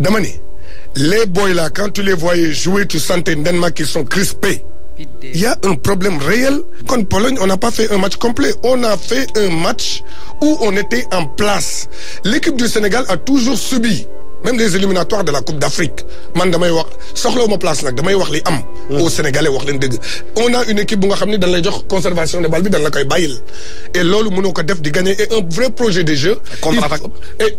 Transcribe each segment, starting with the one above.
Damani, les boys là quand tu les voyais jouer tu sentais Danemark, qui sont crispés. Il y a un problème réel. Contre Pologne, on n'a pas fait un match complet. On a fait un match où on était en place. L'équipe du Sénégal a toujours subi même les éliminatoires de la Coupe d'Afrique man damay wax ma place damay wax li am. Hmm. au Sénégalais wax on a une équipe bu nga xamni dañ lay conservation de balles, bi la koy et là, mënoo ko def gagner et un vrai projet de jeu. et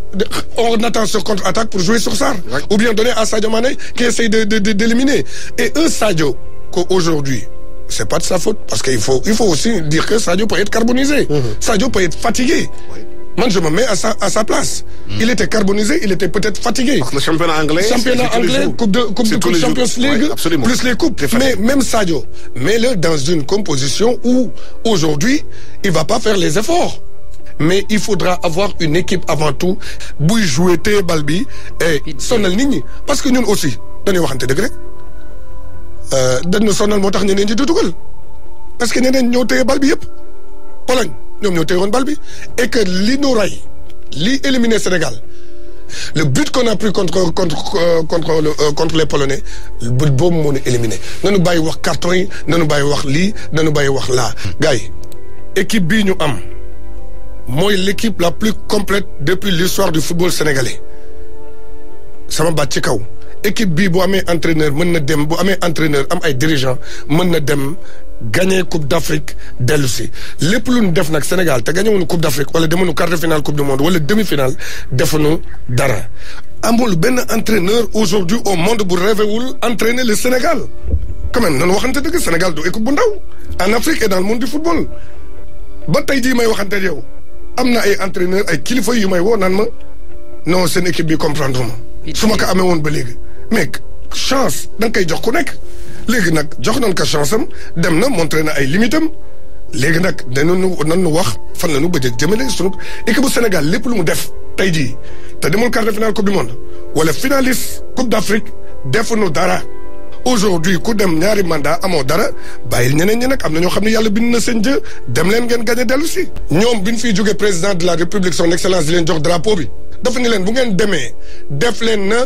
on attend ce contre attaque pour jouer sur ça. ou bien donner à Sadio Mané qui essaye de d'éliminer et un Sadio qu'aujourd'hui c'est pas de sa faute parce qu'il faut il faut aussi dire que Sadio peut être carbonisé. Hmm. Sadio peut être fatigué. Moi, je me mets à sa, à sa place. Hmm. Il était carbonisé, il était peut-être fatigué. Le championnat anglais, championnat anglais, coupe de, coupe de coupe Champions League, plus les coupes. Mais même Sadio, mets-le dans une composition où aujourd'hui, il va pas faire les efforts. Mais il faudra avoir une équipe avant tout. jouer Balbi et Sonal Nini. Parce que nous aussi, nous avons un degré. Nous sommes en train de nous faire Parce que nous avons un Balbi. Pologne ñoom ñoo et que li Ray li Sénégal le but qu'on a pris contre contre euh, contre euh, contre les Polonais le but boobu moo ñu éliminé nañu bàyyi wax carton yi nañu bàyyi wax li, nañu nous wax la gars équipe bi ñu am moy l'équipe la plus complète depuis l'histoire du football sénégalais sama baat ci kaw équipe bi bu amé entraîneur mën na dem bu amé entraîneur am ay dirigeant mën na dem gagner coupe d'Afrique Afrique lepp luñ plus def nak Sénégal té gagné wuñu coupe d'Afrique Afrique wala demuñu quart de finale coupe du monde wala demi finale defuñu dara. amul ben entraîneur aujourd'hui au monde bu rêvé entraîner le Sénégal quand même noonu dëgg Sénégal do équipe bu ndaw en Afrique et dans le monde du football ba tay di may waxanté yow amna ay entraîneur ay kilifa yu may wo nan ma non n'est équipe bi comprendre ma ko amé won ba mec chance da nga koy jox ku nek léegi nak jox nañ ko chance dem na montré na ay limitam am nak dañu danañu nañu wax fan lañu ñu bëgg a jëmale équipe bu Sénégal lepp lu mu def tay ji te demul quart de finale coupe du monde wala finaliste coupe d'Afrique defu defuñu dara. aujourd'hui ku dem ñaari mandat amoo dara bayil ñeneen ñi nag am na xamni yalla bind na seen jë dem leen ngeen gagner dellu si. ñoom bi ñu fiy président de la république son excellence di leen jox drapeau bi daf ni leen bu ngeen démé def leen na